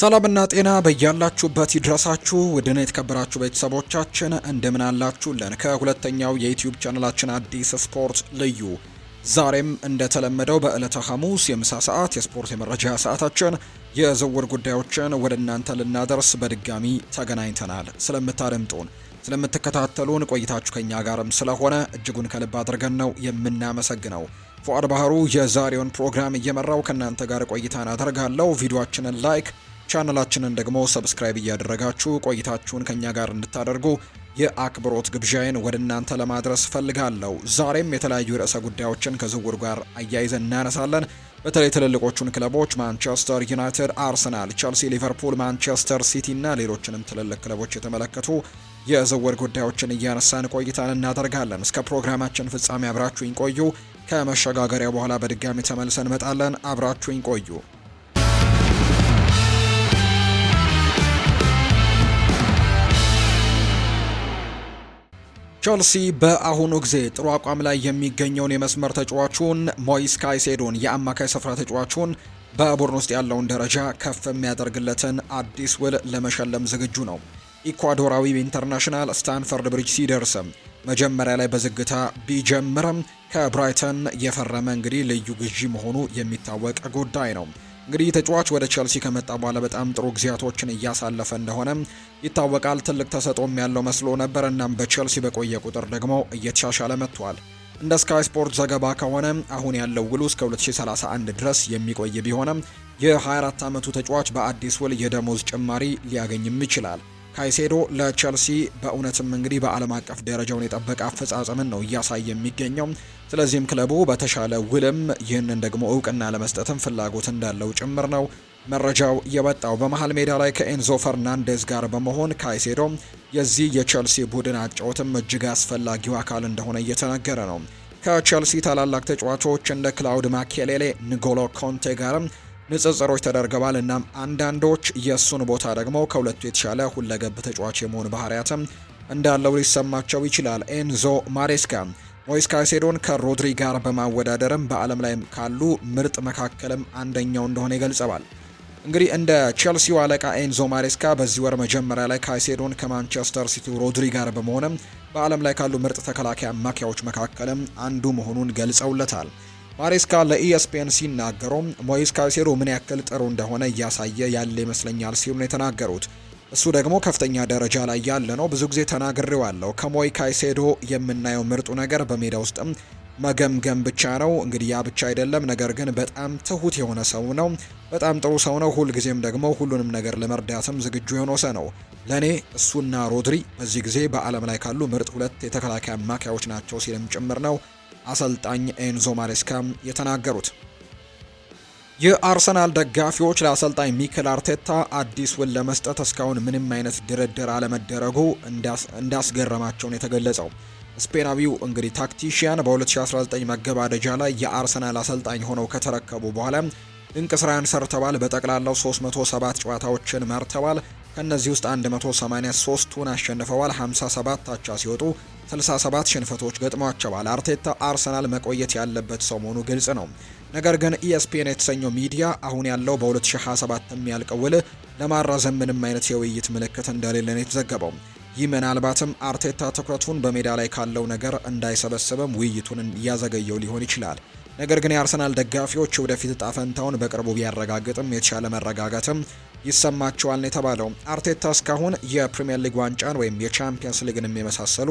ሰላምና ጤና በያላችሁበት ይድረሳችሁ። ውድና የተከበራችሁ ቤተሰቦቻችን እንደምን አላችሁልን? ከሁለተኛው የዩትዩብ ቻናላችን አዲስ ስፖርት ልዩ ዛሬም እንደተለመደው በዕለተ ሐሙስ የምሳ ሰዓት የስፖርት የመረጃ ሰዓታችን የዝውውር ጉዳዮችን ወደ እናንተ ልናደርስ በድጋሚ ተገናኝተናል። ስለምታደምጡን፣ ስለምትከታተሉን ቆይታችሁ ከኛ ጋርም ስለሆነ እጅጉን ከልብ አድርገን ነው የምናመሰግነው። ፉአድ ባህሩ የዛሬውን ፕሮግራም እየመራው ከእናንተ ጋር ቆይታን አደርጋለሁ። ቪዲዮችንን ላይክ ቻነላችንን ደግሞ ሰብስክራይብ እያደረጋችሁ ቆይታችሁን ከኛ ጋር እንድታደርጉ የአክብሮት ግብዣዬን ወደ እናንተ ለማድረስ ፈልጋለሁ። ዛሬም የተለያዩ ርዕሰ ጉዳዮችን ከዝውውር ጋር አያይዘን እናነሳለን። በተለይ ትልልቆቹን ክለቦች ማንቸስተር ዩናይትድ፣ አርሰናል፣ ቸልሲ፣ ሊቨርፑል፣ ማንቸስተር ሲቲ እና ሌሎችንም ትልልቅ ክለቦች የተመለከቱ የዝውውር ጉዳዮችን እያነሳን ቆይታን እናደርጋለን። እስከ ፕሮግራማችን ፍጻሜ አብራችሁኝ ቆዩ። ከመሸጋገሪያ በኋላ በድጋሚ ተመልሰን እንመጣለን። አብራችሁኝ ቆዩ። ቸልሲ በአሁኑ ጊዜ ጥሩ አቋም ላይ የሚገኘውን የመስመር ተጫዋቹን ሞይስ ካይሴዶን የአማካይ ስፍራ ተጫዋቹን በቡድን ውስጥ ያለውን ደረጃ ከፍ የሚያደርግለትን አዲስ ውል ለመሸለም ዝግጁ ነው። ኢኳዶራዊ ኢንተርናሽናል ስታንፈርድ ብሪጅ ሲደርስም መጀመሪያ ላይ በዝግታ ቢጀምርም ከብራይተን የፈረመ እንግዲህ ልዩ ግዢ መሆኑ የሚታወቅ ጉዳይ ነው። እንግዲህ ተጫዋች ወደ ቸልሲ ከመጣ በኋላ በጣም ጥሩ ጊዜያቶችን እያሳለፈ እንደሆነ ይታወቃል። ትልቅ ተሰጥኦም ያለው መስሎ ነበር። እናም በቸልሲ በቆየ ቁጥር ደግሞ እየተሻሻለ መጥቷል። እንደ ስካይ ስፖርት ዘገባ ከሆነ አሁን ያለው ውሉ እስከ 2031 ድረስ የሚቆይ ቢሆንም የ24 ዓመቱ ተጫዋች በአዲስ ውል የደሞዝ ጭማሪ ሊያገኝም ይችላል። ካይሴዶ ለቸልሲ በእውነትም እንግዲህ በዓለም አቀፍ ደረጃውን የጠበቀ አፈጻጸምን ነው እያሳየ የሚገኘው። ስለዚህም ክለቡ በተሻለ ውልም ይህንን ደግሞ እውቅና ለመስጠትም ፍላጎት እንዳለው ጭምር ነው መረጃው የወጣው። በመሀል ሜዳ ላይ ከኤንዞ ፈርናንዴዝ ጋር በመሆን ካይሴዶ የዚህ የቸልሲ ቡድን አጫወትም እጅግ አስፈላጊው አካል እንደሆነ እየተነገረ ነው። ከቸልሲ ታላላቅ ተጫዋቾች እንደ ክላውድ ማኬሌሌ፣ ንጎሎ ኮንቴ ጋርም ንጽጽሮች ተደርገዋል። እናም አንዳንዶች የእሱን ቦታ ደግሞ ከሁለቱ የተሻለ ሁለገብ ተጫዋች የመሆን ባህርያትም እንዳለው ሊሰማቸው ይችላል። ኤንዞ ማሬስካ ሞይስ ካይሴዶን ከሮድሪ ጋር በማወዳደርም በዓለም ላይ ካሉ ምርጥ መካከልም አንደኛው እንደሆነ ይገልጸዋል። እንግዲህ እንደ ቼልሲው አለቃ ኤንዞ ማሬስካ በዚህ ወር መጀመሪያ ላይ ካይሴዶን ከማንቸስተር ሲቲ ሮድሪ ጋር በመሆንም በዓለም ላይ ካሉ ምርጥ ተከላካይ አማካዮች መካከልም አንዱ መሆኑን ገልጸውለታል። ማሬስካ ለኢኤስፒኤን ሲናገሩ ሞይስ ካይሴዶ ምን ያክል ጥሩ እንደሆነ እያሳየ ያለ ይመስለኛል ሲሉ ነው የተናገሩት። እሱ ደግሞ ከፍተኛ ደረጃ ላይ ያለ ነው። ብዙ ጊዜ ተናግሬዋለሁ። ከሞይ ካይሴዶ የምናየው ምርጡ ነገር በሜዳ ውስጥም መገምገም ብቻ ነው። እንግዲህ ያ ብቻ አይደለም፣ ነገር ግን በጣም ትሁት የሆነ ሰው ነው። በጣም ጥሩ ሰው ነው። ሁልጊዜም ደግሞ ሁሉንም ነገር ለመርዳትም ዝግጁ የሆነ ሰው ነው። ለእኔ እሱና ሮድሪ በዚህ ጊዜ በዓለም ላይ ካሉ ምርጥ ሁለት የተከላካይ አማካዮች ናቸው ሲልም ጭምር ነው አሰልጣኝ ኤንዞ ማሬስካ የተናገሩት። የአርሰናል ደጋፊዎች ለአሰልጣኝ ሚኬል አርቴታ አዲሱን ለመስጠት እስካሁን ምንም አይነት ድርድር አለመደረጉ እንዳስገረማቸውን የተገለጸው ስፔናዊው እንግዲህ ታክቲሽያን በ2019 መገባደጃ ላይ የአርሰናል አሰልጣኝ ሆነው ከተረከቡ በኋላ ድንቅ ስራን ሰርተዋል። በጠቅላላው 307 ጨዋታዎችን መርተዋል። ከእነዚህ ውስጥ 183ቱን አሸንፈዋል። 57 አቻ ሲወጡ 67 ሽንፈቶች ገጥሟቸዋል። አርቴታ አርሰናል መቆየት ያለበት ሰው መሆኑ ግልጽ ነው። ነገር ግን ኢኤስፒኤን የተሰኘው ሚዲያ አሁን ያለው በ2027 የሚያልቅ ውል ለማራዘም ምንም አይነት የውይይት ምልክት እንደሌለ ነው የተዘገበው። ይህ ምናልባትም አርቴታ ትኩረቱን በሜዳ ላይ ካለው ነገር እንዳይሰበስብም ውይይቱን እያዘገየው ሊሆን ይችላል። ነገር ግን የአርሰናል ደጋፊዎች ወደፊት እጣ ፈንታውን በቅርቡ ቢያረጋግጥም የተሻለ መረጋጋትም ይሰማቸዋል ነው የተባለው። አርቴታ እስካሁን የፕሪምየር ሊግ ዋንጫን ወይም የቻምፒየንስ ሊግን የሚመሳሰሉ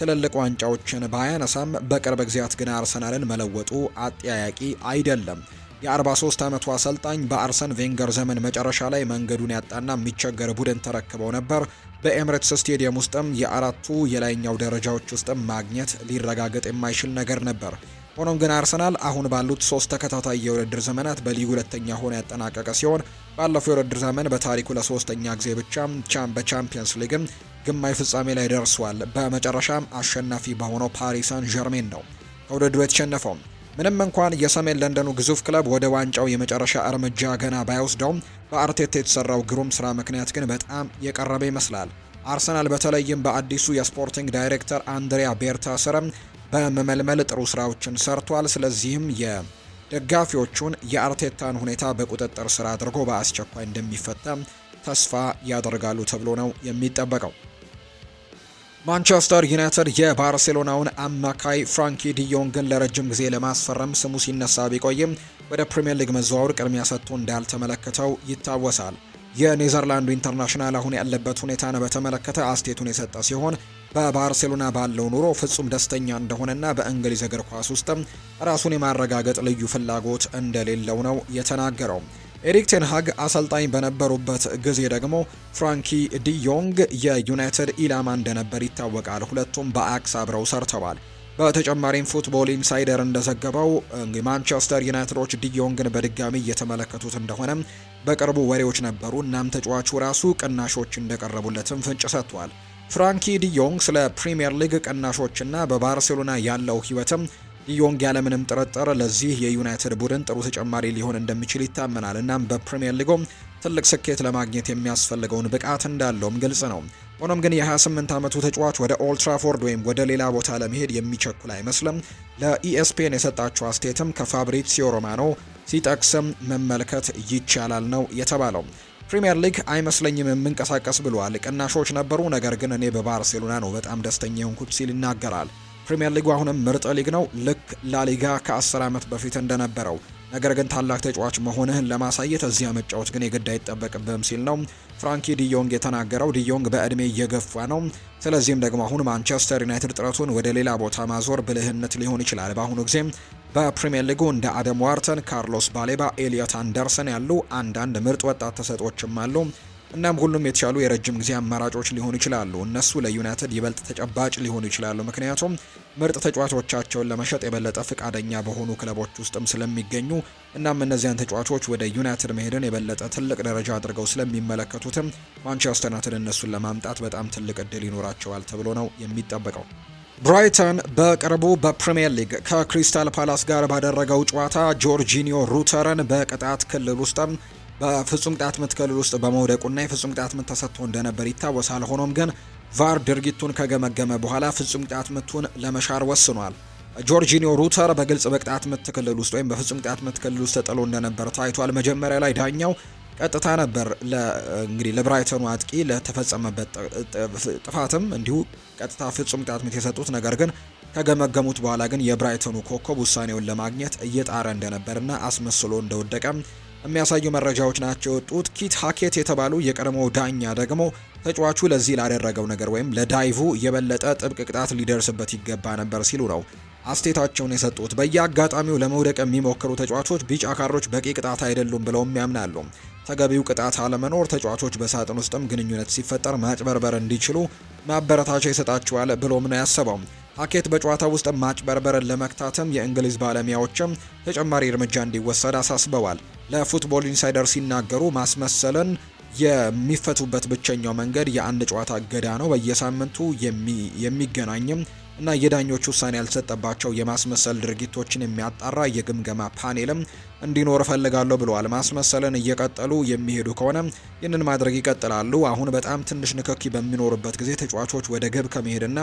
ትልልቅ ዋንጫዎችን ባያነሳም በቅርብ ጊዜያት ግን አርሰናልን መለወጡ አጠያያቂ አይደለም። የ43 ዓመቱ አሰልጣኝ በአርሰን ቬንገር ዘመን መጨረሻ ላይ መንገዱን ያጣና የሚቸገር ቡድን ተረክበው ነበር። በኤምሬትስ ስቴዲየም ውስጥም የአራቱ የላይኛው ደረጃዎች ውስጥም ማግኘት ሊረጋገጥ የማይችል ነገር ነበር። ሆኖም ግን አርሰናል አሁን ባሉት ሶስት ተከታታይ የውድድር ዘመናት በሊግ ሁለተኛ ሆኖ ያጠናቀቀ ሲሆን ባለፈው የውድድር ዘመን በታሪኩ ለሶስተኛ ጊዜ ብቻ በቻምፒየንስ ሊግም ግማሽ ፍጻሜ ላይ ደርሷል። በመጨረሻም አሸናፊ በሆነው ፓሪሳን ጀርሜን ነው ከውድድሩ የተሸነፈው። ምንም እንኳን የሰሜን ለንደኑ ግዙፍ ክለብ ወደ ዋንጫው የመጨረሻ እርምጃ ገና ባይወስደውም በአርቴታ የተሰራው ግሩም ስራ ምክንያት ግን በጣም የቀረበ ይመስላል። አርሰናል በተለይም በአዲሱ የስፖርቲንግ ዳይሬክተር አንድሪያ ቤርታ ስርም በመመልመል ጥሩ ስራዎችን ሰርቷል። ስለዚህም የደጋፊዎቹን የአርቴታን ሁኔታ በቁጥጥር ስር አድርጎ በአስቸኳይ እንደሚፈታ ተስፋ ያደርጋሉ ተብሎ ነው የሚጠበቀው። ማንቸስተር ዩናይትድ የባርሴሎናውን አማካይ ፍራንኪ ዲዮንግን ለረጅም ጊዜ ለማስፈረም ስሙ ሲነሳ ቢቆይም ወደ ፕሪምየር ሊግ መዘዋወር ቅድሚያ ሰጥቶ እንዳልተመለከተው ይታወሳል። የኔዘርላንዱ ኢንተርናሽናል አሁን ያለበት ሁኔታን በተመለከተ አስቴቱን የሰጠ ሲሆን በባርሴሎና ባለው ኑሮ ፍጹም ደስተኛ እንደሆነና በእንግሊዝ እግር ኳስ ውስጥም ራሱን የማረጋገጥ ልዩ ፍላጎት እንደሌለው ነው የተናገረው። ኤሪክ ቴንሃግ አሰልጣኝ በነበሩበት ጊዜ ደግሞ ፍራንኪ ዲዮንግ የዩናይትድ ኢላማ እንደነበር ይታወቃል። ሁለቱም በአክስ አብረው ሰርተዋል። በተጨማሪም ፉትቦል ኢንሳይደር እንደዘገበው ማንቸስተር ዩናይትዶች ዲዮንግን በድጋሚ እየተመለከቱት እንደሆነ በቅርቡ ወሬዎች ነበሩ። እናም ተጫዋቹ ራሱ ቅናሾች እንደቀረቡለትም ፍንጭ ሰጥቷል። ፍራንኪ ዲዮንግ ስለ ፕሪምየር ሊግ ቅናሾችና በባርሴሎና ያለው ህይወትም ዲዮንግ ያለምንም ጥርጥር ለዚህ የዩናይትድ ቡድን ጥሩ ተጨማሪ ሊሆን እንደሚችል ይታመናል። እናም በፕሪምየር ሊጉም ትልቅ ስኬት ለማግኘት የሚያስፈልገውን ብቃት እንዳለውም ግልጽ ነው። ሆኖም ግን የ28 ዓመቱ ተጫዋች ወደ ኦልትራፎርድ ወይም ወደ ሌላ ቦታ ለመሄድ የሚቸኩል አይመስልም። ለኢኤስፔን የሰጣቸው አስተያየትም ከፋብሪሲዮ ሮማኖ ሲጠቅስም መመልከት ይቻላል ነው የተባለው። ፕሪምየር ሊግ አይመስለኝም የምንቀሳቀስ ብሏል። ቅናሾች ነበሩ፣ ነገር ግን እኔ በባርሴሎና ነው በጣም ደስተኛ የሆንኩት ሲል ይናገራል። ፕሪምየር ሊጉ አሁንም ምርጥ ሊግ ነው፣ ልክ ላሊጋ ከ10 ዓመት በፊት እንደነበረው ነገር ግን ታላቅ ተጫዋች መሆንህን ለማሳየት እዚያ መጫወት ግን የግድ አይጠበቅብህም ሲል ነው ፍራንኪ ዲዮንግ የተናገረው። ዲዮንግ በእድሜ እየገፋ ነው። ስለዚህም ደግሞ አሁን ማንቸስተር ዩናይትድ ጥረቱን ወደ ሌላ ቦታ ማዞር ብልህነት ሊሆን ይችላል። በአሁኑ ጊዜ በፕሪምየር ሊጉ እንደ አደም ዋርተን፣ ካርሎስ ባሌባ፣ ኤሊዮት አንደርሰን ያሉ አንዳንድ ምርጥ ወጣት ተሰጦችም አሉ። እናም ሁሉም የተሻሉ የረጅም ጊዜ አማራጮች ሊሆኑ ይችላሉ። እነሱ ለዩናይትድ ይበልጥ ተጨባጭ ሊሆኑ ይችላሉ፣ ምክንያቱም ምርጥ ተጫዋቾቻቸውን ለመሸጥ የበለጠ ፍቃደኛ በሆኑ ክለቦች ውስጥም ስለሚገኙ እናም እነዚያን ተጫዋቾች ወደ ዩናይትድ መሄድን የበለጠ ትልቅ ደረጃ አድርገው ስለሚመለከቱትም ማንቸስተር ዩናይትድ እነሱን ለማምጣት በጣም ትልቅ እድል ይኖራቸዋል ተብሎ ነው የሚጠበቀው። ብራይተን በቅርቡ በፕሪምየር ሊግ ከክሪስታል ፓላስ ጋር ባደረገው ጨዋታ ጆርጂኒዮ ሩተርን በቅጣት ክልል ውስጥም በፍጹም ቅጣት ምት ክልል ውስጥ በመውደቁና የፍጹም ቅጣት ምት ተሰጥቶ እንደነበር ይታወሳል። ሆኖም ግን ቫር ድርጊቱን ከገመገመ በኋላ ፍጹም ቅጣት ምቱን ለመሻር ወስኗል። ጆርጂኒዮ ሩተር በግልጽ በቅጣት ምት ክልል ውስጥ ወይም በፍጹም ቅጣት ምት ክልል ውስጥ ተጥሎ እንደነበር ታይቷል። መጀመሪያ ላይ ዳኛው ቀጥታ ነበር እንግዲህ ለብራይተኑ አጥቂ ለተፈጸመበት ጥፋትም እንዲሁ ቀጥታ ፍጹም ቅጣት ምት የሰጡት ነገር ግን ከገመገሙት በኋላ ግን የብራይተኑ ኮከብ ውሳኔውን ለማግኘት እየጣረ እንደነበርና አስመስሎ እንደወደቀ የሚያሳዩ መረጃዎች ናቸው የወጡት። ኪት ሃኬት የተባሉ የቀድሞው ዳኛ ደግሞ ተጫዋቹ ለዚህ ላደረገው ነገር ወይም ለዳይቭ የበለጠ ጥብቅ ቅጣት ሊደርስበት ይገባ ነበር ሲሉ ነው አስቴታቸውን የሰጡት። በየአጋጣሚው ለመውደቅ የሚሞክሩ ተጫዋቾች ቢጫ ካሮች በቂ ቅጣት አይደሉም ብለውም ያምናሉ። ተገቢው ቅጣት አለመኖር ተጫዋቾች በሳጥን ውስጥም ግንኙነት ሲፈጠር ማጭበርበር እንዲችሉ ማበረታቻ ይሰጣቸዋል ብሎም ነው ያሰበው። ሀኬት በጨዋታ ውስጥ ማጭበርበርን ለመክታትም የእንግሊዝ ባለሙያዎችም ተጨማሪ እርምጃ እንዲወሰድ አሳስበዋል። ለፉትቦል ኢንሳይደር ሲናገሩ ማስመሰልን የሚፈቱበት ብቸኛው መንገድ የአንድ ጨዋታ እገዳ ነው። በየሳምንቱ የሚገናኝም እና የዳኞች ውሳኔ ያልተሰጠባቸው የማስመሰል ድርጊቶችን የሚያጣራ የግምገማ ፓኔልም እንዲኖር እፈልጋለሁ ብለዋል። ማስመሰልን እየቀጠሉ የሚሄዱ ከሆነ ይህንን ማድረግ ይቀጥላሉ። አሁን በጣም ትንሽ ንክኪ በሚኖርበት ጊዜ ተጫዋቾች ወደ ግብ ከመሄድና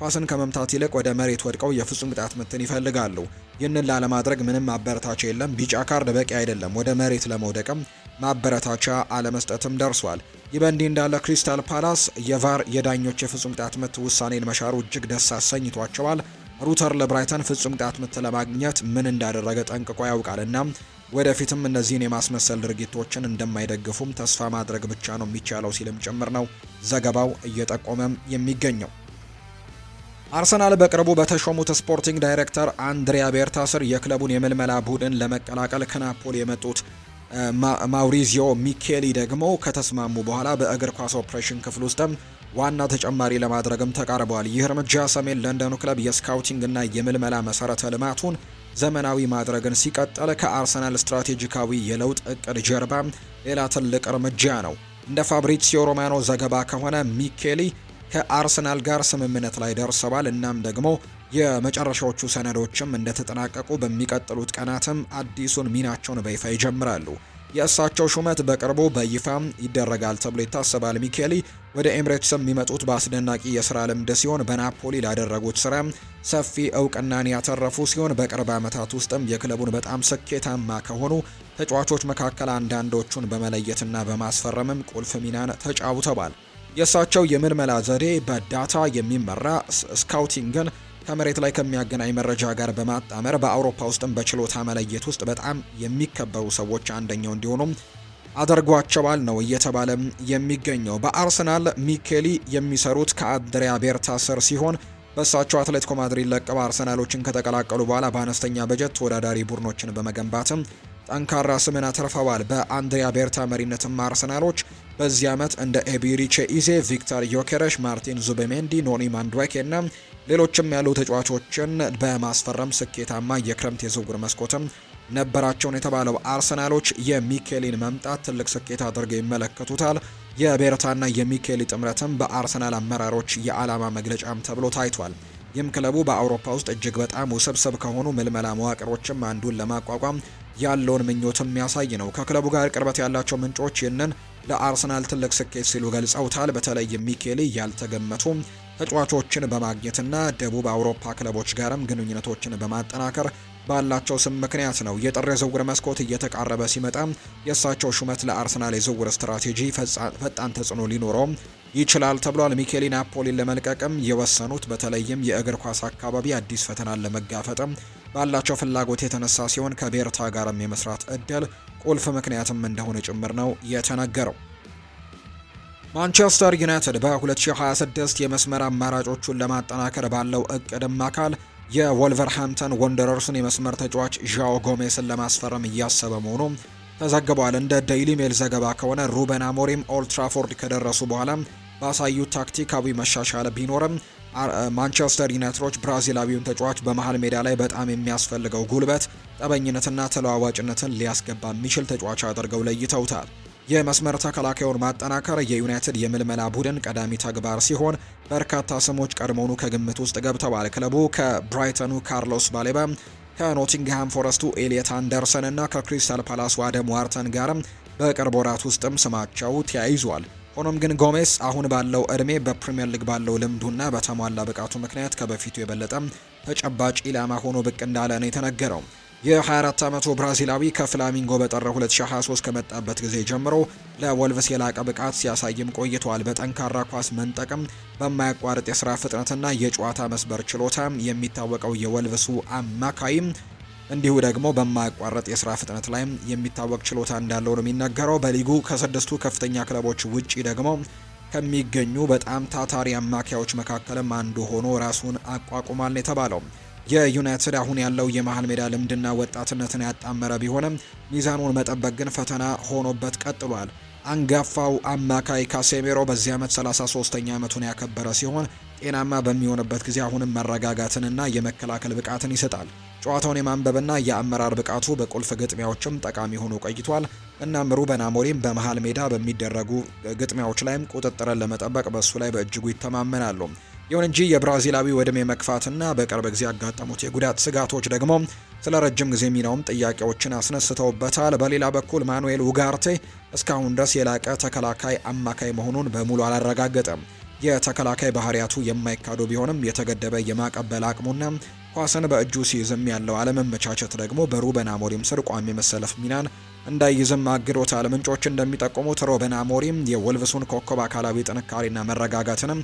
ኳስን ከመምታት ይልቅ ወደ መሬት ወድቀው የፍጹም ቅጣት ምትን ይፈልጋሉ። ይህንን ላለማድረግ ምንም ማበረታቻ የለም። ቢጫ ካርድ በቂ አይደለም። ወደ መሬት ለመውደቅም ማበረታቻ አለመስጠትም ደርሷል። ይህ በእንዲህ እንዳለ ክሪስታል ፓላስ የቫር የዳኞች የፍጹም ቅጣት ምት ውሳኔን መሻሩ እጅግ ደስ አሰኝቷቸዋል። ሩተር ለብራይተን ፍጹም ቅጣት ምት ለማግኘት ምን እንዳደረገ ጠንቅቆ ያውቃልና ወደፊትም እነዚህን የማስመሰል ድርጊቶችን እንደማይደግፉም ተስፋ ማድረግ ብቻ ነው የሚቻለው ሲልም ጭምር ነው ዘገባው እየጠቆመም የሚገኘው። አርሰናል በቅርቡ በተሾሙት ስፖርቲንግ ዳይሬክተር አንድሪያ ቤርታ ስር የክለቡን የምልመላ ቡድን ለመቀላቀል ከናፖል የመጡት ማውሪዚዮ ሚኬሊ ደግሞ ከተስማሙ በኋላ በእግር ኳስ ኦፕሬሽን ክፍል ውስጥም ዋና ተጨማሪ ለማድረግም ተቃርበዋል። ይህ እርምጃ ሰሜን ለንደኑ ክለብ የስካውቲንግ እና የምልመላ መሰረተ ልማቱን ዘመናዊ ማድረግን ሲቀጥል ከአርሰናል ስትራቴጂካዊ የለውጥ እቅድ ጀርባ ሌላ ትልቅ እርምጃ ነው። እንደ ፋብሪሲዮ ሮማኖ ዘገባ ከሆነ ሚኬሊ ከአርሰናል ጋር ስምምነት ላይ ደርሰዋል። እናም ደግሞ የመጨረሻዎቹ ሰነዶችም እንደተጠናቀቁ በሚቀጥሉት ቀናትም አዲሱን ሚናቸውን በይፋ ይጀምራሉ። የእሳቸው ሹመት በቅርቡ በይፋ ይደረጋል ተብሎ ይታሰባል። ሚኬሊ ወደ ኤምሬትስም የሚመጡት በአስደናቂ የስራ ልምድ ሲሆን በናፖሊ ላደረጉት ስራ ሰፊ እውቅናን ያተረፉ ሲሆን በቅርብ ዓመታት ውስጥም የክለቡን በጣም ስኬታማ ከሆኑ ተጫዋቾች መካከል አንዳንዶቹን በመለየትና በማስፈረምም ቁልፍ ሚናን ተጫውተዋል። የእሳቸው የምልመላ ዘዴ በዳታ የሚመራ ስካውቲንግን ከመሬት ላይ ከሚያገናኝ መረጃ ጋር በማጣመር በአውሮፓ ውስጥም በችሎታ መለየት ውስጥ በጣም የሚከበሩ ሰዎች አንደኛው እንዲሆኑም አድርጓቸዋል ነው እየተባለ የሚገኘው። በአርሰናል ሚኬሊ የሚሰሩት ከአንድሪያ ቤርታ ስር ሲሆን በእሳቸው አትሌቲኮ ማድሪድ ለቀው አርሰናሎችን ከተቀላቀሉ በኋላ በአነስተኛ በጀት ተወዳዳሪ ቡድኖችን በመገንባትም ጠንካራ ስምን አትርፈዋል። በአንድሪያ ቤርታ መሪነትም አርሰናሎች በዚህ ዓመት እንደ ኤቢሪቼ ኢዜ፣ ቪክተር ዮኬረሽ፣ ማርቲን ዙቤሜንዲ፣ ኖኒ ማንድዌኬ እና ሌሎችም ያሉ ተጫዋቾችን በማስፈረም ስኬታማ የክረምት የዝውውር መስኮትም ነበራቸውን የተባለው አርሰናሎች የሚኬሊን መምጣት ትልቅ ስኬት አድርገው ይመለከቱታል። የቤርታና የሚኬሊ ጥምረትም በአርሰናል አመራሮች የዓላማ መግለጫም ተብሎ ታይቷል። ይህም ክለቡ በአውሮፓ ውስጥ እጅግ በጣም ውስብስብ ከሆኑ ምልመላ መዋቅሮችም አንዱን ለማቋቋም ያለውን ምኞትም የሚያሳይ ነው። ከክለቡ ጋር ቅርበት ያላቸው ምንጮች ይህንን ለአርሰናል ትልቅ ስኬት ሲሉ ገልጸውታል። በተለይ ሚኬሊ ያልተገመቱ ተጫዋቾችን በማግኘትና ደቡብ አውሮፓ ክለቦች ጋርም ግንኙነቶችን በማጠናከር ባላቸው ስም ምክንያት ነው። የጥር የዝውውር መስኮት እየተቃረበ ሲመጣ የእሳቸው ሹመት ለአርሰናል የዝውውር ስትራቴጂ ፈጣን ተጽዕኖ ሊኖረውም ይችላል ተብሏል። ሚኬሊ ናፖሊን ለመልቀቅም የወሰኑት በተለይም የእግር ኳስ አካባቢ አዲስ ፈተናን ለመጋፈጥም ባላቸው ፍላጎት የተነሳ ሲሆን ከቤርታ ጋርም የመስራት እድል ቁልፍ ምክንያትም እንደሆነ ጭምር ነው የተነገረው። ማንቸስተር ዩናይትድ በ2026 የመስመር አማራጮቹን ለማጠናከር ባለው እቅድም አካል የወልቨርሃምተን ወንደረርስን የመስመር ተጫዋች ዣኦ ጎሜስን ለማስፈረም እያሰበ መሆኑ ተዘግቧል። እንደ ዴይሊ ሜል ዘገባ ከሆነ ሩበን አሞሪም ኦልትራፎርድ ከደረሱ በኋላ ባሳዩት ታክቲካዊ መሻሻል ቢኖርም ማንቸስተር ዩናይትዶች ብራዚላዊውን ተጫዋች በመሃል ሜዳ ላይ በጣም የሚያስፈልገው ጉልበት፣ ጠበኝነትና ተለዋዋጭነትን ሊያስገባ የሚችል ተጫዋች አድርገው ለይተውታል። የመስመር ተከላካዩን ማጠናከር የዩናይትድ የምልመላ ቡድን ቀዳሚ ተግባር ሲሆን በርካታ ስሞች ቀድሞውኑ ከግምት ውስጥ ገብተዋል። ክለቡ ከብራይተኑ ካርሎስ ባሌባ፣ ከኖቲንግሃም ፎረስቱ ኤሊየት አንደርሰን እና ከክሪስታል ፓላሱ አደም ዋርተን ጋርም በቅርብ ወራት ውስጥም ስማቸው ተያይዟል። ሆኖም ግን ጎሜስ አሁን ባለው እድሜ በፕሪምየር ሊግ ባለው ልምዱና በተሟላ ብቃቱ ምክንያት ከበፊቱ የበለጠ ተጨባጭ ኢላማ ሆኖ ብቅ እንዳለ ነው የተነገረው። የ24 ዓመቱ ብራዚላዊ ከፍላሚንጎ በጠረ 2023 ከመጣበት ጊዜ ጀምሮ ለወልቭስ የላቀ ብቃት ሲያሳይም ቆይቷል በጠንካራ ኳስ መንጠቅም፣ በማያቋርጥ የስራ ፍጥነትና የጨዋታ መስበር ችሎታ የሚታወቀው የወልቭሱ አማካይም እንዲሁ ደግሞ በማያቋረጥ የስራ ፍጥነት ላይም የሚታወቅ ችሎታ እንዳለው ነው የሚነገረው። በሊጉ ከስድስቱ ከፍተኛ ክለቦች ውጪ ደግሞ ከሚገኙ በጣም ታታሪ አማካዮች መካከልም አንዱ ሆኖ ራሱን አቋቁማል የተባለው የዩናይትድ አሁን ያለው የመሀል ሜዳ ልምድና ወጣትነትን ያጣመረ ቢሆንም ሚዛኑን መጠበቅ ግን ፈተና ሆኖበት ቀጥሏል። አንጋፋው አማካይ ካሴሜሮ በዚህ ዓመት 33ኛ ዓመቱን ያከበረ ሲሆን ጤናማ በሚሆንበት ጊዜ አሁንም መረጋጋትንና የመከላከል ብቃትን ይሰጣል። ጨዋታውን የማንበብና የአመራር ብቃቱ በቁልፍ ግጥሚያዎችም ጠቃሚ ሆኖ ቆይቷል። እናም ሩበን አሞሪም በመሃል ሜዳ በሚደረጉ ግጥሚያዎች ላይም ቁጥጥርን ለመጠበቅ በእሱ ላይ በእጅጉ ይተማመናሉ። ይሁን እንጂ የብራዚላዊ ዕድሜ መክፋትና በቅርብ ጊዜ ያጋጠሙት የጉዳት ስጋቶች ደግሞ ስለ ረጅም ጊዜ ሚናውም ጥያቄዎችን አስነስተውበታል። በሌላ በኩል ማኑኤል ኡጋርቴ እስካሁን ድረስ የላቀ ተከላካይ አማካይ መሆኑን በሙሉ አላረጋገጠም። የተከላካይ ባህሪያቱ የማይካዱ ቢሆንም የተገደበ የማቀበል አቅሙና ኳስን በእጁ ሲይዝም ያለው አለመመቻቸት ደግሞ በሩበን አሞሪም ስር ቋሚ መሰለፍ ሚናን እንዳይዝም አግዶታል። ምንጮች እንደሚጠቁሙት ሩበን አሞሪም የወልቭሱን ኮከብ አካላዊ ጥንካሬና መረጋጋትንም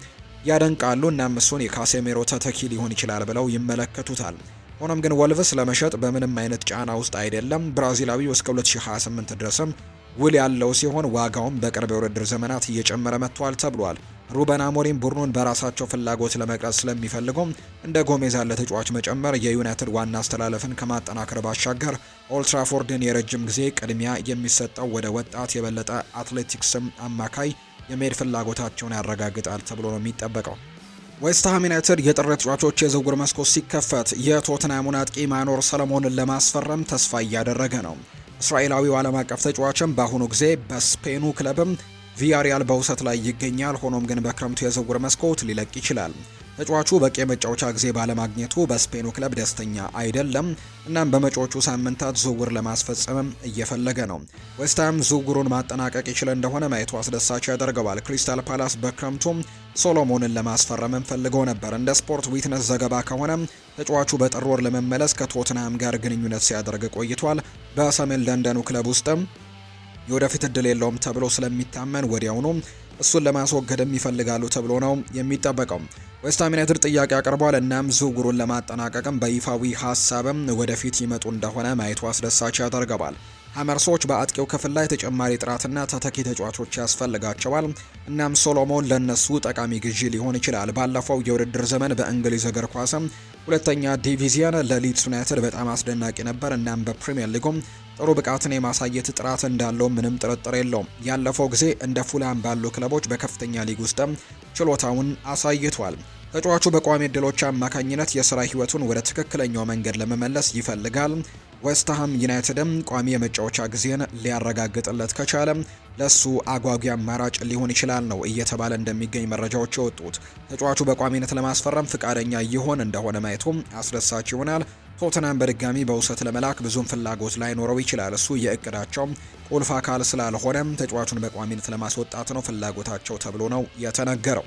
ያደንቃሉ። እናም እሱን የካሴሜሮ ተተኪ ሊሆን ይችላል ብለው ይመለከቱታል። ሆኖም ግን ወልቭስ ለመሸጥ በምንም አይነት ጫና ውስጥ አይደለም። ብራዚላዊው እስከ 2028 ድረስም ውል ያለው ሲሆን ዋጋውም በቅርብ የውድድር ዘመናት እየጨመረ መጥቷል ተብሏል። ሩበን አሞሪም ቡድኑን በራሳቸው ፍላጎት ለመቅረጽ ስለሚፈልጉም እንደ ጎሜዝ ያለ ተጫዋች መጨመር የዩናይትድ ዋና አስተላለፍን ከማጠናከር ባሻገር ኦልትራፎርድን የረጅም ጊዜ ቅድሚያ የሚሰጠው ወደ ወጣት የበለጠ አትሌቲክስም አማካይ የመሄድ ፍላጎታቸውን ያረጋግጣል ተብሎ ነው የሚጠበቀው። ዌስትሃም ዩናይትድ የጥር ተጫዋቾች የዝውውር መስኮት ሲከፈት የቶትናሙን አጥቂ ማኖር ሰለሞንን ለማስፈረም ተስፋ እያደረገ ነው። እስራኤላዊው ዓለም አቀፍ ተጫዋችም በአሁኑ ጊዜ በስፔኑ ክለብም ቪያሪያል በውሰት ላይ ይገኛል። ሆኖም ግን በክረምቱ የዝውውር መስኮት ሊለቅ ይችላል። ተጫዋቹ በቂ የመጫወቻ ጊዜ ባለማግኘቱ በስፔኑ ክለብ ደስተኛ አይደለም። እናም በመጪዎቹ ሳምንታት ዝውውር ለማስፈጸምም እየፈለገ ነው። ዌስትሃም ዝውውሩን ማጠናቀቅ ይችል እንደሆነ ማየቱ አስደሳች ያደርገዋል። ክሪስታል ፓላስ በክረምቱ ሶሎሞንን ለማስፈረምም ፈልገው ነበር። እንደ ስፖርት ዊትነስ ዘገባ ከሆነ ተጫዋቹ በጥር ወር ለመመለስ ከቶትናም ጋር ግንኙነት ሲያደርግ ቆይቷል። በሰሜን ለንደኑ ክለብ ውስጥም የወደፊት እድል የለውም ተብሎ ስለሚታመን ወዲያውኑ እሱን ለማስወገድም ይፈልጋሉ ተብሎ ነው የሚጠበቀው። ዌስትሃም ዩናይትድ ጥያቄ አቅርቧል። እናም ዝውውሩን ለማጠናቀቅም በይፋዊ ሀሳብም ወደፊት ይመጡ እንደሆነ ማየቱ አስደሳች ያደርገዋል። ሀመርሶች በአጥቂው ክፍል ላይ ተጨማሪ ጥራትና ተተኪ ተጫዋቾች ያስፈልጋቸዋል። እናም ሶሎሞን ለነሱ ጠቃሚ ግዢ ሊሆን ይችላል። ባለፈው የውድድር ዘመን በእንግሊዝ እግር ኳስም ሁለተኛ ዲቪዚየን ለሊድስ ዩናይትድ በጣም አስደናቂ ነበር። እናም በፕሪምየር ሊጉም ጥሩ ብቃትን የማሳየት ጥራት እንዳለው ምንም ጥርጥር የለውም። ያለፈው ጊዜ እንደ ፉላም ባሉ ክለቦች በከፍተኛ ሊግ ውስጥም ችሎታውን አሳይቷል። ተጫዋቹ በቋሚ እድሎች አማካኝነት የስራ ህይወቱን ወደ ትክክለኛው መንገድ ለመመለስ ይፈልጋል። ዌስትሃም ዩናይትድም ቋሚ የመጫወቻ ጊዜን ሊያረጋግጥለት ከቻለ ለሱ አጓጊ አማራጭ ሊሆን ይችላል ነው እየተባለ እንደሚገኝ መረጃዎች የወጡት። ተጫዋቹ በቋሚነት ለማስፈረም ፍቃደኛ ይሆን እንደሆነ ማየቱም አስደሳች ይሆናል። ቶትናም በድጋሚ በውሰት ለመላክ ብዙም ፍላጎት ላይኖረው ይችላል። እሱ የእቅዳቸው ቁልፍ አካል ስላልሆነ ተጫዋቹን በቋሚነት ለማስወጣት ነው ፍላጎታቸው ተብሎ ነው የተነገረው።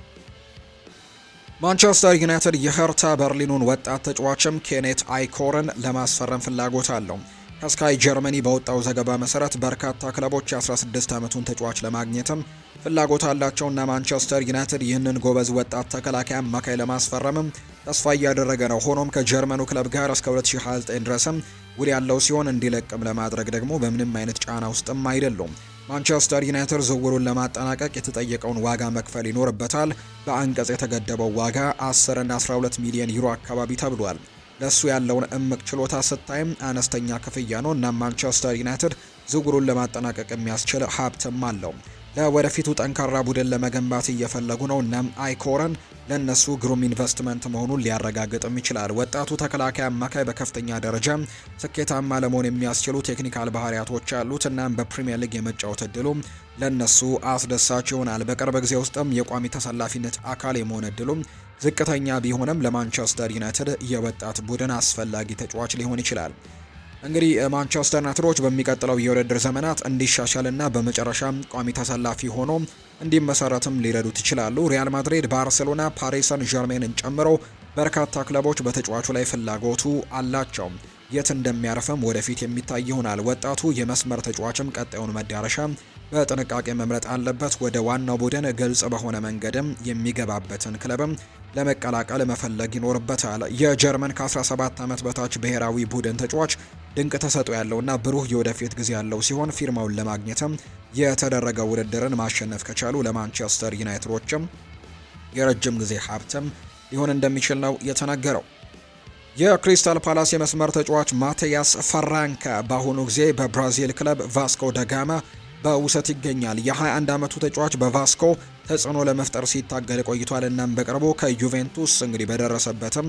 ማንቸስተር ዩናይትድ የኸርታ በርሊኑን ወጣት ተጫዋችም ኬኔት አይኮርን ለማስፈረም ፍላጎት አለው። ከስካይ ጀርመኒ በወጣው ዘገባ መሰረት በርካታ ክለቦች የ16 ዓመቱን ተጫዋች ለማግኘትም ፍላጎት አላቸውና ማንቸስተር ዩናይትድ ይህንን ጎበዝ ወጣት ተከላካይ አማካይ ለማስፈረምም ተስፋ እያደረገ ነው። ሆኖም ከጀርመኑ ክለብ ጋር እስከ 2029 ድረስም ውል ያለው ሲሆን እንዲለቅም ለማድረግ ደግሞ በምንም አይነት ጫና ውስጥም አይደሉም። ማንቸስተር ዩናይትድ ዝውውሩን ለማጠናቀቅ የተጠየቀውን ዋጋ መክፈል ይኖርበታል። በአንቀጽ የተገደበው ዋጋ 10 እና 12 ሚሊዮን ዩሮ አካባቢ ተብሏል። ለሱ ያለውን እምቅ ችሎታ ስታይም አነስተኛ ክፍያ ነው እና ማንቸስተር ዩናይትድ ዝውውሩን ለማጠናቀቅ የሚያስችል ሀብትም አለው። ለወደፊቱ ጠንካራ ቡድን ለመገንባት እየፈለጉ ነው። እናም አይኮረን ለእነሱ ግሩም ኢንቨስትመንት መሆኑን ሊያረጋግጥም ይችላል። ወጣቱ ተከላካይ አማካይ በከፍተኛ ደረጃ ስኬታማ ለመሆን የሚያስችሉ ቴክኒካል ባህሪያቶች አሉት። እናም በፕሪምየር ሊግ የመጫወት እድሉ ለእነሱ አስደሳች ይሆናል። በቅርብ ጊዜ ውስጥም የቋሚ ተሰላፊነት አካል የመሆን እድሉ ዝቅተኛ ቢሆንም ለማንቸስተር ዩናይትድ የወጣት ቡድን አስፈላጊ ተጫዋች ሊሆን ይችላል። እንግዲህ ማንቸስተር ናትሮች በሚቀጥለው የውድድር ዘመናት እንዲሻሻልና በመጨረሻ ቋሚ ተሰላፊ ሆኖ እንዲመሰረትም ሊረዱት ይችላሉ። ሪያል ማድሪድ፣ ባርሴሎና፣ ፓሪስ ጀርሜንን ጨምሮ በርካታ ክለቦች በተጫዋቹ ላይ ፍላጎቱ አላቸው። የት እንደሚያርፈም ወደፊት የሚታይ ይሆናል። ወጣቱ የመስመር ተጫዋችም ቀጣዩን መዳረሻ በጥንቃቄ መምረጥ አለበት። ወደ ዋናው ቡድን ግልጽ በሆነ መንገድም የሚገባበትን ክለብም ለመቀላቀል መፈለግ ይኖርበታል። የጀርመን ከ17 ዓመት በታች ብሔራዊ ቡድን ተጫዋች ድንቅ ተሰጥኦ ያለውና ብሩህ የወደፊት ጊዜ ያለው ሲሆን ፊርማውን ለማግኘትም የተደረገ ውድድርን ማሸነፍ ከቻሉ ለማንቸስተር ዩናይትዶችም የረጅም ጊዜ ሀብትም ሊሆን እንደሚችል ነው የተነገረው። የክሪስታል ፓላስ የመስመር ተጫዋች ማቴያስ ፈራንካ በአሁኑ ጊዜ በብራዚል ክለብ ቫስኮ ደጋማ በውሰት ይገኛል። የ21 ዓመቱ ተጫዋች በቫስኮ ተጽዕኖ ለመፍጠር ሲታገል ቆይቷል። እናም በቅርቡ ከዩቬንቱስ እንግዲህ በደረሰበትም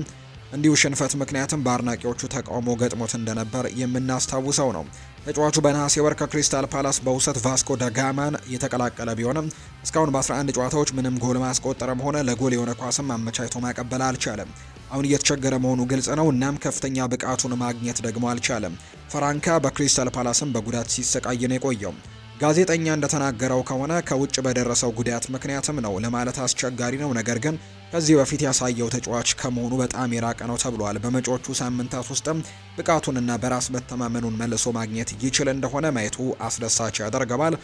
እንዲሁ ሽንፈት ምክንያትም በአድናቂዎቹ ተቃውሞ ገጥሞት እንደነበር የምናስታውሰው ነው። ተጫዋቹ በነሐሴ ወር ከክሪስታል ፓላስ በውሰት ቫስኮ ደጋማን የተቀላቀለ ቢሆንም እስካሁን በ11 ጨዋታዎች ምንም ጎል ማስቆጠረም ሆነ ለጎል የሆነ ኳስም አመቻችቶ ማቀበል አልቻለም። አሁን እየተቸገረ መሆኑ ግልጽ ነው። እናም ከፍተኛ ብቃቱን ማግኘት ደግሞ አልቻለም። ፈራንካ በክሪስታል ፓላስም በጉዳት ሲሰቃይ ነው የቆየው። ጋዜጠኛ እንደተናገረው ከሆነ ከውጭ በደረሰው ጉዳት ምክንያትም ነው ለማለት አስቸጋሪ ነው። ነገር ግን ከዚህ በፊት ያሳየው ተጫዋች ከመሆኑ በጣም የራቀ ነው ተብሏል። በመጪዎቹ ሳምንታት ውስጥም ብቃቱንና በራስ መተማመኑን መልሶ ማግኘት ይችል እንደሆነ ማየቱ አስደሳች ያደርገዋል።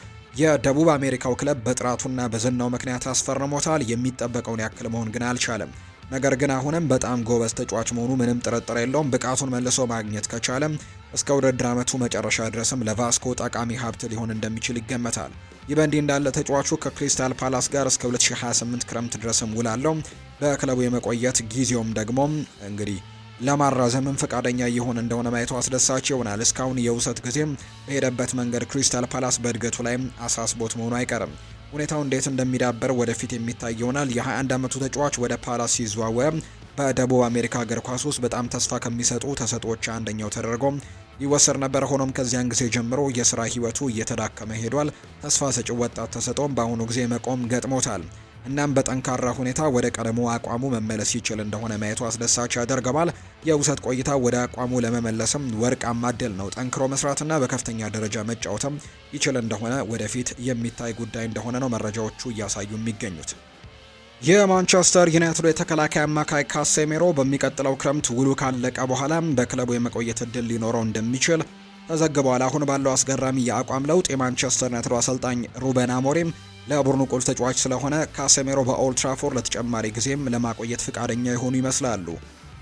የደቡብ አሜሪካው ክለብ በጥራቱና በዝናው ምክንያት አስፈርሞታል። የሚጠበቀውን ያክል መሆን ግን አልቻለም። ነገር ግን አሁንም በጣም ጎበዝ ተጫዋች መሆኑ ምንም ጥርጥር የለውም። ብቃቱን መልሶ ማግኘት ከቻለም እስከ ውድድር ዓመቱ መጨረሻ ድረስም ለቫስኮ ጠቃሚ ሀብት ሊሆን እንደሚችል ይገመታል። ይህ በእንዲህ እንዳለ ተጫዋቹ ከክሪስታል ፓላስ ጋር እስከ 2028 ክረምት ድረስም ውላለው። በክለቡ የመቆየት ጊዜውም ደግሞ እንግዲህ ለማራዘምም ፈቃደኛ እየሆነ እንደሆነ ማየቱ አስደሳች ይሆናል። እስካሁን የውሰት ጊዜም በሄደበት መንገድ ክሪስታል ፓላስ በእድገቱ ላይም አሳስቦት መሆኑ አይቀርም። ሁኔታው እንዴት እንደሚዳበር ወደፊት የሚታይ ይሆናል። የ21 ዓመቱ ተጫዋች ወደ ፓላስ ሲዘዋወር በደቡብ አሜሪካ እግር ኳስ ውስጥ በጣም ተስፋ ከሚሰጡ ተሰጦች አንደኛው ተደርጎ ይወሰድ ነበር። ሆኖም ከዚያን ጊዜ ጀምሮ የስራ ህይወቱ እየተዳከመ ሄዷል። ተስፋ ሰጪው ወጣት ተሰጦም በአሁኑ ጊዜ መቆም ገጥሞታል። እናም በጠንካራ ሁኔታ ወደ ቀድሞ አቋሙ መመለስ ይችል እንደሆነ ማየቱ አስደሳች ያደርገዋል። የውሰት ቆይታ ወደ አቋሙ ለመመለስም ወርቃማ እድል ነው። ጠንክሮ መስራትና በከፍተኛ ደረጃ መጫወትም ይችል እንደሆነ ወደፊት የሚታይ ጉዳይ እንደሆነ ነው መረጃዎቹ እያሳዩ የሚገኙት። የማንቸስተር ዩናይትድ የተከላካይ አማካይ ካሴሜሮ በሚቀጥለው ክረምት ውሉ ካለቀ በኋላ በክለቡ የመቆየት እድል ሊኖረው እንደሚችል ተዘግበዋል። አሁን ባለው አስገራሚ የአቋም ለውጥ የማንቸስተር ዩናይትድ አሰልጣኝ ሩበን አሞሪም ለቡድኑ ቁልፍ ተጫዋች ስለሆነ ካሴሜሮ በኦልትራፎር ለተጨማሪ ጊዜም ለማቆየት ፍቃደኛ የሆኑ ይመስላሉ።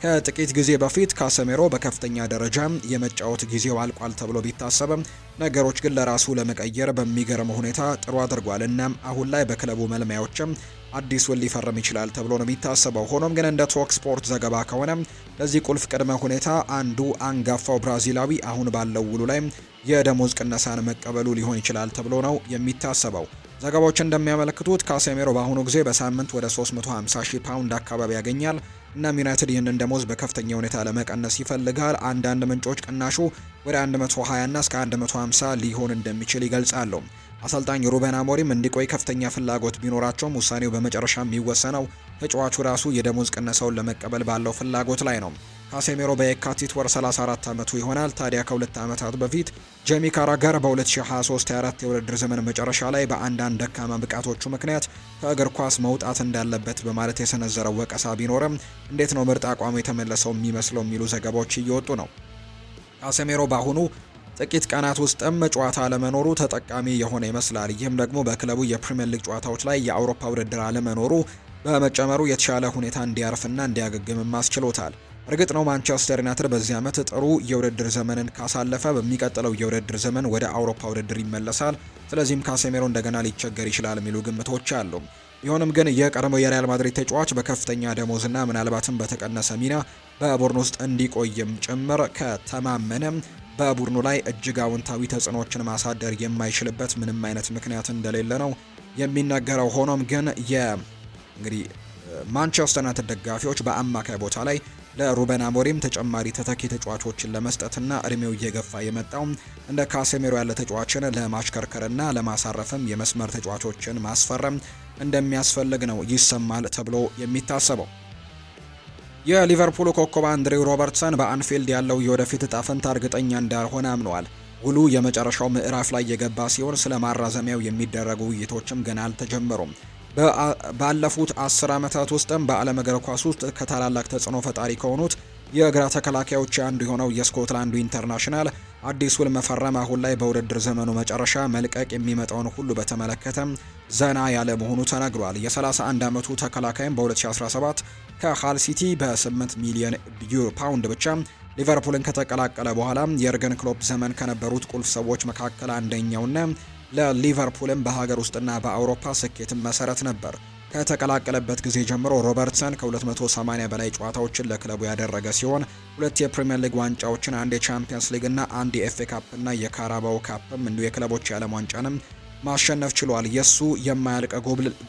ከጥቂት ጊዜ በፊት ካሰሜሮ በከፍተኛ ደረጃ የመጫወት ጊዜው አልቋል ተብሎ ቢታሰብም ነገሮች ግን ለራሱ ለመቀየር በሚገርም ሁኔታ ጥሩ አድርጓል። እናም አሁን ላይ በክለቡ መልማዮችም አዲሱን ሊፈርም ይችላል ተብሎ ነው የሚታሰበው። ሆኖም ግን እንደ ቶክ ስፖርት ዘገባ ከሆነ ለዚህ ቁልፍ ቅድመ ሁኔታ አንዱ አንጋፋው ብራዚላዊ አሁን ባለው ውሉ ላይ የደሞዝ ቅነሳን መቀበሉ ሊሆን ይችላል ተብሎ ነው የሚታሰበው። ዘገባዎች እንደሚያመለክቱት ካሴሜሮ በአሁኑ ጊዜ በሳምንት ወደ 350 ሺህ ፓውንድ አካባቢ ያገኛል። እናም ዩናይትድ ይህንን ደሞዝ በከፍተኛ ሁኔታ ለመቀነስ ይፈልጋል። አንዳንድ ምንጮች ቅናሹ ወደ 120 ና እስከ 150 ሊሆን እንደሚችል ይገልጻሉ። አሰልጣኝ ሩበን አሞሪም እንዲቆይ ከፍተኛ ፍላጎት ቢኖራቸውም ውሳኔው በመጨረሻ የሚወሰነው ተጫዋቹ ራሱ የደሞዝ ቅነሳውን ለመቀበል ባለው ፍላጎት ላይ ነው። ካሴሜሮ በየካቲት ወር 34 ዓመቱ ይሆናል። ታዲያ ከሁለት ዓመታት በፊት ጄሚ ካራገር በ2023/24 የውድድር ዘመን መጨረሻ ላይ በአንዳንድ ደካማ ብቃቶቹ ምክንያት ከእግር ኳስ መውጣት እንዳለበት በማለት የሰነዘረው ወቀሳ ቢኖርም እንዴት ነው ምርጥ አቋሙ የተመለሰው የሚመስለው የሚሉ ዘገባዎች እየወጡ ነው። ካሴሜሮ በአሁኑ ጥቂት ቀናት ውስጥም ጨዋታ አለመኖሩ ተጠቃሚ የሆነ ይመስላል። ይህም ደግሞ በክለቡ የፕሪምየር ሊግ ጨዋታዎች ላይ የአውሮፓ ውድድር አለመኖሩ በመጨመሩ የተሻለ ሁኔታ እንዲያርፍና እንዲያገግምም አስችሎታል። እርግጥ ነው ማንቸስተር ዩናይትድ በዚህ ዓመት ጥሩ የውድድር ዘመንን ካሳለፈ በሚቀጥለው የውድድር ዘመን ወደ አውሮፓ ውድድር ይመለሳል። ስለዚህም ካሴሜሮ እንደገና ሊቸገር ይችላል የሚሉ ግምቶች አሉ። ቢሆንም ግን የቀድሞው የሪያል ማድሪድ ተጫዋች በከፍተኛ ደሞዝና ምናልባትም በተቀነሰ ሚና በቡድን ውስጥ እንዲቆይም ጭምር ከተማመነ በቡድኑ ላይ እጅግ አውንታዊ ተጽዕኖዎችን ማሳደር የማይችልበት ምንም አይነት ምክንያት እንደሌለ ነው የሚነገረው። ሆኖም ግን እንግዲህ ማንቸስተር ዩናይትድ ደጋፊዎች በአማካይ ቦታ ላይ ለሩበን አሞሪም ተጨማሪ ተተኪ ተጫዋቾችን ለመስጠትና እድሜው እየገፋ የመጣው እንደ ካሴሜሮ ያለ ተጫዋችን ለማሽከርከርና ለማሳረፍም የመስመር ተጫዋቾችን ማስፈረም እንደሚያስፈልግ ነው ይሰማል ተብሎ የሚታሰበው። የሊቨርፑል ኮከብ አንድሬው ሮበርትሰን በአንፊልድ ያለው የወደፊት እጣ ፈንታ እርግጠኛ እንዳልሆነ አምነዋል። ውሉ የመጨረሻው ምዕራፍ ላይ የገባ ሲሆን ስለ ማራዘሚያው የሚደረጉ ውይይቶችም ገና አልተጀመሩም። ባለፉት አስር ዓመታት ውስጥም በዓለም እግር ኳስ ውስጥ ከታላላቅ ተጽዕኖ ፈጣሪ ከሆኑት የግራ ተከላካዮች አንዱ የሆነው የስኮትላንዱ ኢንተርናሽናል አዲስ ውል መፈረም አሁን ላይ በውድድር ዘመኑ መጨረሻ መልቀቅ የሚመጣውን ሁሉ በተመለከተ ዘና ያለ መሆኑ ተነግሯል። የ31 ዓመቱ ተከላካይም በ2017 ከሃል ሲቲ በ8 ሚሊዮን ፓውንድ ብቻ ሊቨርፑልን ከተቀላቀለ በኋላ የእርገን ክሎፕ ዘመን ከነበሩት ቁልፍ ሰዎች መካከል አንደኛውና ለሊቨርፑልም በሀገር ውስጥና በአውሮፓ ስኬትን መሰረት ነበር። ከተቀላቀለበት ጊዜ ጀምሮ ሮበርትሰን ከ280 በላይ ጨዋታዎችን ለክለቡ ያደረገ ሲሆን ሁለት የፕሪምየር ሊግ ዋንጫዎችን፣ አንድ የቻምፒየንስ ሊግና አንድ የኤፍኤ ካፕና የካራባው ካፕም እንዲሁ የክለቦች የዓለም ዋንጫንም ማሸነፍ ችሏል። የእሱ የማያልቀ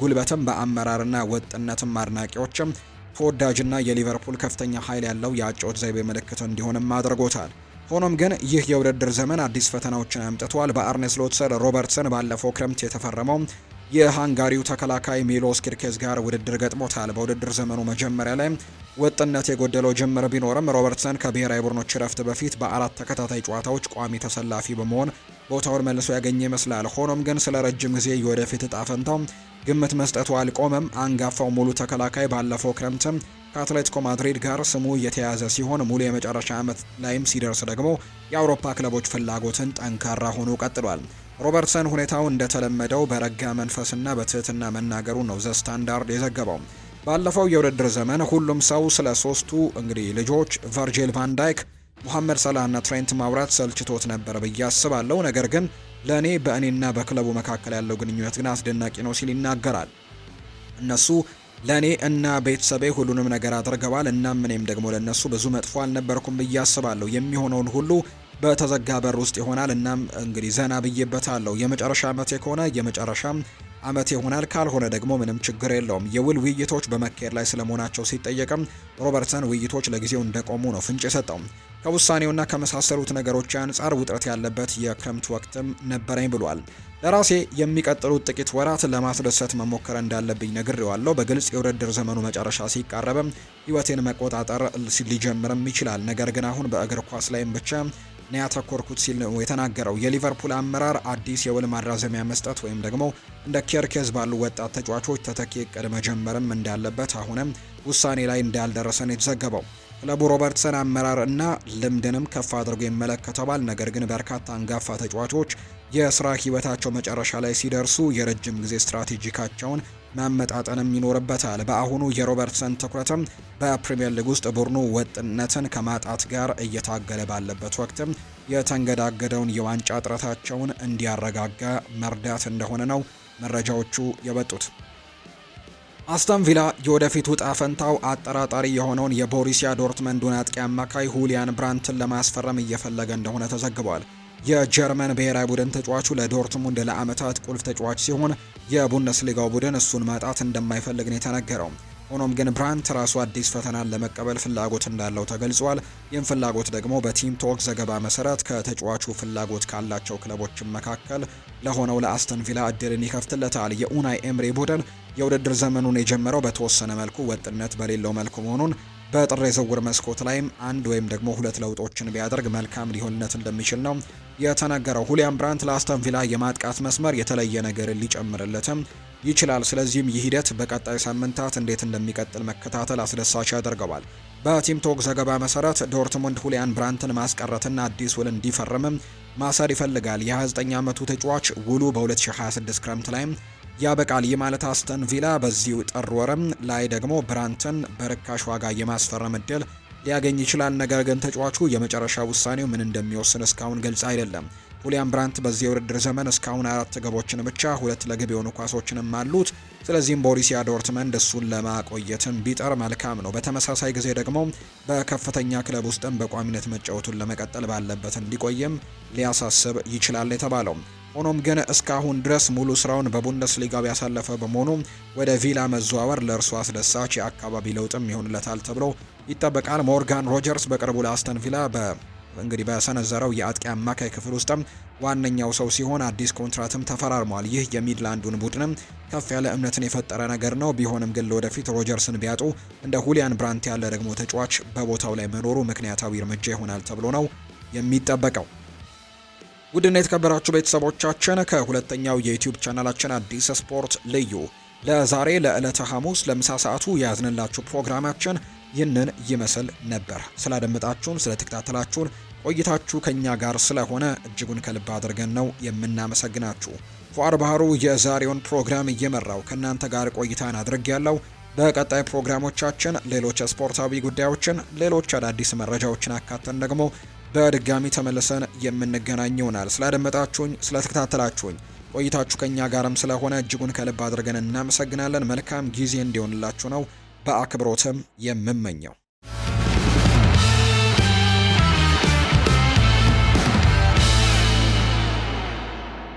ጉልበትም በአመራርና ወጥነትም አድናቂዎችም ተወዳጅና የሊቨርፑል ከፍተኛ ኃይል ያለው የአጨዋወት ዘይቤ ምልክት እንዲሆንም አድርጎታል። ሆኖም ግን ይህ የውድድር ዘመን አዲስ ፈተናዎችን አምጥቷል። በአርኔስ ስር ሮበርትሰን ባለፈው ክረምት የተፈረመው የሃንጋሪው ተከላካይ ሚሎስ ኪርኬዝ ጋር ውድድር ገጥሞታል። በውድድር ዘመኑ መጀመሪያ ላይ ወጥነት የጎደለው ጅምር ቢኖርም ሮበርትሰን ከብሔራዊ ቡድኖች እረፍት በፊት በአራት ተከታታይ ጨዋታዎች ቋሚ ተሰላፊ በመሆን ቦታውን መልሶ ያገኘ ይመስላል። ሆኖም ግን ስለ ረጅም ጊዜ የወደፊት እጣ ፈንታው ግምት መስጠቱ አልቆመም። አንጋፋው ሙሉ ተከላካይ ባለፈው ክረምትም ከአትሌቲኮ ማድሪድ ጋር ስሙ የተያዘ ሲሆን ሙሉ የመጨረሻ ዓመት ላይም ሲደርስ ደግሞ የአውሮፓ ክለቦች ፍላጎትን ጠንካራ ሆኖ ቀጥሏል። ሮበርትሰን ሁኔታው እንደተለመደው በረጋ መንፈስና በትህትና መናገሩ ነው ዘ ስታንዳርድ የዘገበው። ባለፈው የውድድር ዘመን ሁሉም ሰው ስለ ሶስቱ እንግዲህ ልጆች ቨርጂል ቫንዳይክ፣ ሙሐመድ ሰላህና ትሬንት ማውራት ሰልችቶት ነበር ብዬ አስባለሁ። ነገር ግን ለእኔ በእኔና በክለቡ መካከል ያለው ግንኙነት ግን አስደናቂ ነው ሲል ይናገራል። እነሱ ለእኔ እና ቤተሰቤ ሁሉንም ነገር አድርገዋል። እናም እኔም ደግሞ ለእነሱ ብዙ መጥፎ አልነበርኩም ብዬ አስባለሁ። የሚሆነውን ሁሉ በተዘጋ በር ውስጥ ይሆናል። እናም እንግዲህ ዘና ብዬበታለሁ። የመጨረሻ ዓመቴ ከሆነ የመጨረሻ ዓመት ይሆናል፣ ካልሆነ ደግሞ ምንም ችግር የለውም። የውል ውይይቶች በመካሄድ ላይ ስለመሆናቸው ሲጠየቅም ሮበርትሰን ውይይቶች ለጊዜው እንደቆሙ ነው ፍንጭ የሰጠው። ከውሳኔውና ከመሳሰሉት ነገሮች አንጻር ውጥረት ያለበት የክረምት ወቅትም ነበረኝ ብሏል። ለራሴ የሚቀጥሉት ጥቂት ወራት ለማስደሰት መሞከር እንዳለብኝ ነግሬዋለሁ። በግልጽ የውድድር ዘመኑ መጨረሻ ሲቃረብም ህይወቴን መቆጣጠር ሊጀምርም ይችላል። ነገር ግን አሁን በእግር ኳስ ላይም ብቻ ነው ያተኮርኩት ሲል ነው የተናገረው። የሊቨርፑል አመራር አዲስ የውል ማራዘሚያ መስጠት ወይም ደግሞ እንደ ኬርኬዝ ባሉ ወጣት ተጫዋቾች ተተኪ እቅድ መጀመርም እንዳለበት አሁንም ውሳኔ ላይ እንዳልደረሰን የተዘገበው ሮበርትሰን አመራር እና ልምድንም ከፍ አድርጎ ይመለከተዋል። ነገር ግን በርካታ አንጋፋ ተጫዋቾች የስራ ህይወታቸው መጨረሻ ላይ ሲደርሱ የረጅም ጊዜ ስትራቴጂካቸውን ማመጣጠንም ይኖርበታል። በአሁኑ የሮበርትሰን ትኩረትም በፕሪምየር ሊግ ውስጥ ቡድኑ ወጥነትን ከማጣት ጋር እየታገለ ባለበት ወቅትም የተንገዳገደውን የዋንጫ ጥረታቸውን እንዲያረጋጋ መርዳት እንደሆነ ነው መረጃዎቹ የበጡት። አስተን ቪላ የወደፊቱ ጣፈንታው አጠራጣሪ የሆነውን የቦሪሲያ ዶርትመንዱን አጥቂ አማካይ ሁሊያን ብራንትን ለማስፈረም እየፈለገ እንደሆነ ተዘግቧል። የጀርመን ብሔራዊ ቡድን ተጫዋቹ ለዶርትሙንድ ለዓመታት ቁልፍ ተጫዋች ሲሆን የቡንደስሊጋው ቡድን እሱን ማጣት እንደማይፈልግ ነው የተነገረው። ሆኖም ግን ብራንት ራሱ አዲስ ፈተናን ለመቀበል ፍላጎት እንዳለው ተገልጿል። ይህም ፍላጎት ደግሞ በቲም ቶክ ዘገባ መሰረት ከተጫዋቹ ፍላጎት ካላቸው ክለቦች መካከል ለሆነው ለአስተን ቪላ እድልን ይከፍትለታል። የኡናይ ኤምሬ ቡድን የውድድር ዘመኑን የጀመረው በተወሰነ መልኩ ወጥነት በሌለው መልኩ መሆኑን በጥር የዝውውር መስኮት ላይም አንድ ወይም ደግሞ ሁለት ለውጦችን ቢያደርግ መልካም ሊሆንነት እንደሚችል ነው የተነገረው። ሁሊያም ብራንት ለአስተን ቪላ የማጥቃት መስመር የተለየ ነገር ሊጨምርለትም ይችላል። ስለዚህም ይህ ሂደት በቀጣይ ሳምንታት እንዴት እንደሚቀጥል መከታተል አስደሳች ያደርገዋል። በቲም ቶክ ዘገባ መሰረት ዶርትሙንድ ሁሊያን ብራንትን ማስቀረትና አዲስ ውል እንዲፈርምም ማሰር ይፈልጋል። የ29 ዓመቱ ተጫዋች ውሉ በ2026 ክረምት ላይም ያበቃል። ይህ ማለት አስተን ቪላ በዚሁ ጥር ወርም ላይ ደግሞ ብራንትን በርካሽ ዋጋ የማስፈረም እድል ሊያገኝ ይችላል። ነገር ግን ተጫዋቹ የመጨረሻ ውሳኔው ምን እንደሚወስን እስካሁን ግልጽ አይደለም። ሁሊያም ብራንት በዚህ የውድድር ዘመን እስካሁን አራት ግቦችን ብቻ ሁለት ለግብ የሆኑ ኳሶችንም አሉት። ስለዚህም ቦሪሲያ ዶርትመንድ እሱን ለማቆየትም ቢጠር መልካም ነው። በተመሳሳይ ጊዜ ደግሞ በከፍተኛ ክለብ ውስጥም በቋሚነት መጫወቱን ለመቀጠል ባለበት እንዲቆይም ሊያሳስብ ይችላል የተባለው። ሆኖም ግን እስካሁን ድረስ ሙሉ ስራውን በቡንደስሊጋው ያሳለፈ በመሆኑ ወደ ቪላ መዘዋወር ለእርሱ አስደሳች የአካባቢ ለውጥም ይሆንለታል ተብሎ ይጠበቃል። ሞርጋን ሮጀርስ በቅርቡ ለአስተን ቪላ በ እንግዲህ በሰነዘረው የአጥቂ አማካይ ክፍል ውስጥም ዋነኛው ሰው ሲሆን አዲስ ኮንትራትም ተፈራርሟል። ይህ የሚድላንዱን ቡድንም ከፍ ያለ እምነትን የፈጠረ ነገር ነው። ቢሆንም ግን ለወደፊት ሮጀርስን ቢያጡ እንደ ሁሊያን ብራንት ያለ ደግሞ ተጫዋች በቦታው ላይ መኖሩ ምክንያታዊ እርምጃ ይሆናል ተብሎ ነው የሚጠበቀው። ውድና የተከበራችሁ ቤተሰቦቻችን ከሁለተኛው የዩትዩብ ቻናላችን አዲስ ስፖርት ልዩ ለዛሬ ለዕለተ ሐሙስ ለምሳ ሰዓቱ የያዝንላችሁ ፕሮግራማችን ይህንን ይመስል ነበር። ስላደመጣችሁን፣ ስለተከታተላችሁን ቆይታችሁ ከእኛ ጋር ስለሆነ እጅጉን ከልብ አድርገን ነው የምናመሰግናችሁ። ፏር ባህሩ የዛሬውን ፕሮግራም እየመራው ከእናንተ ጋር ቆይታን አድርግ ያለው በቀጣይ ፕሮግራሞቻችን ሌሎች ስፖርታዊ ጉዳዮችን፣ ሌሎች አዳዲስ መረጃዎችን አካተን ደግሞ በድጋሚ ተመልሰን የምንገናኝ ይሆናል። ስላደመጣችሁኝ፣ ስለተከታተላችሁኝ ቆይታችሁ ከእኛ ጋርም ስለሆነ እጅጉን ከልብ አድርገን እናመሰግናለን። መልካም ጊዜ እንዲሆንላችሁ ነው በአክብሮትም የምመኘው።